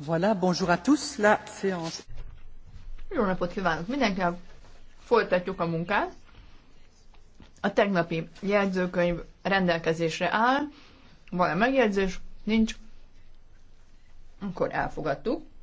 Voilà, bonjour à tous, la séance. Jó napot kívánok mindenkinek, folytatjuk a munkát. A tegnapi jegyzőkönyv rendelkezésre áll, van-e megjegyzés? Nincs. Akkor elfogadtuk.